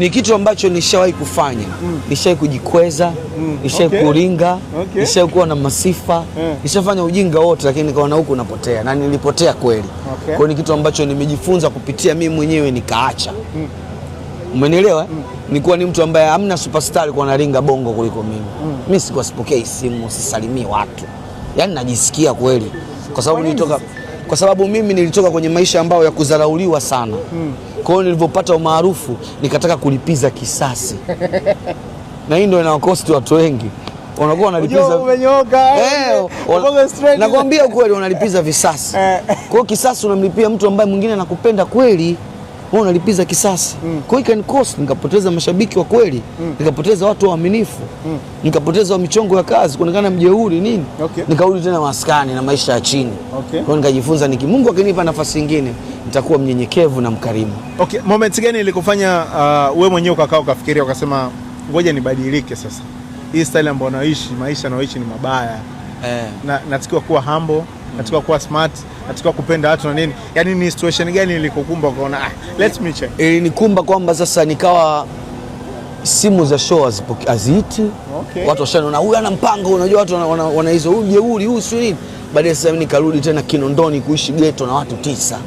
Ni kitu ambacho nishawahi kufanya mm. Nishawahi kujikweza mm. Nishawahi okay. kuringa okay. Nishawahi kuwa na masifa yeah. Nishafanya ujinga wote, lakini nikaona huku napotea na nilipotea kweli okay. Kwa ni kitu ambacho nimejifunza kupitia mimi mwenyewe nikaacha mm. Umenielewa? Eh? mm. Nikuwa ni mtu ambaye amna superstar alikuwa naringa bongo kuliko mimi mm. Mimi sikuwa sipokei simu, sisalimii watu, yaani najisikia kweli, kwa sababu nilitoka, kwa sababu mimi nilitoka kwenye maisha ambayo ya kudharauliwa sana mm. Kwa hiyo nilivyopata umaarufu nikataka kulipiza kisasi na hii ndio inawakosti watu wengi wanakuwa wanalipiza umenyooka, eh, eh nakwambia ukweli, wanalipiza visasi. Eh. Kwa hiyo kisasi unamlipia mtu ambaye mwingine anakupenda kweli wao nalipiza kisasi mm. Kwa hiyo can cost, nikapoteza mashabiki wa kweli mm. nikapoteza watu waaminifu mm. nikapoteza wa michongo ya kazi kuonekana mjeuri nini okay. Nikarudi tena maskani na maisha ya chini okay. Kwa hiyo nikajifunza niki Mungu akinipa nafasi nyingine nitakuwa mnyenyekevu na mkarimu. Okay, moment gani ilikufanya uh, we mwenyewe ukakaa ukafikiria ukasema ngoja nibadilike sasa, hii style ambayo naishi maisha naoishi ni mabaya eh. na natakiwa kuwa humble natakiwa kuwa smart, natakiwa kupenda watu na nini. Yani ni situation gani ilikokumba ukaona ah, let me check? Ilinikumba kwamba sasa nikawa simu za show haziiti, okay. Watu washanaona huyu ana mpango, unajua watu wana hizo, huyu jeuri, huyu sio nini. Baadaye sasa nikarudi tena Kinondoni kuishi geto na watu tisa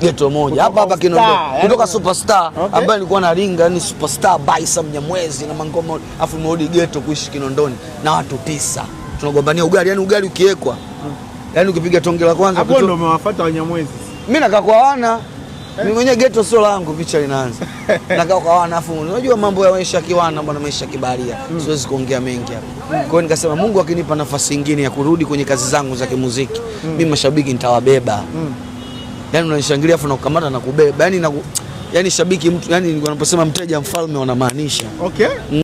geto moja hapa hapa Kinondoni kutoka Superstar ambaye nilikuwa na ringa ni Superstar Baisa Mnyamwezi na mangoma, afu nimerudi geto kuishi Kinondoni na watu tisa, tunagombania ugali, yani ugali ukiwekwa yaani ukipiga tonge la kwanza hapo ndo umewafuata Wanyamwezi. Mimi nakaa kwa wana mimi eh. mwenyewe geto sio langu, picha linaanza nakaa kwa wana afu, unajua mambo ya maisha kiwana, bwana, maisha kibaharia mm. siwezi kuongea mengi hapa mm. Kwa hiyo nikasema Mungu akinipa nafasi nyingine ya kurudi kwenye kazi zangu za kimuziki mm. mimi mashabiki nitawabeba mm. Yaani unanishangilia afu nakukamata na kubeba, yaani na, yaani shabiki mtu, yaani wanaposema mteja mfalme wanamaanisha okay.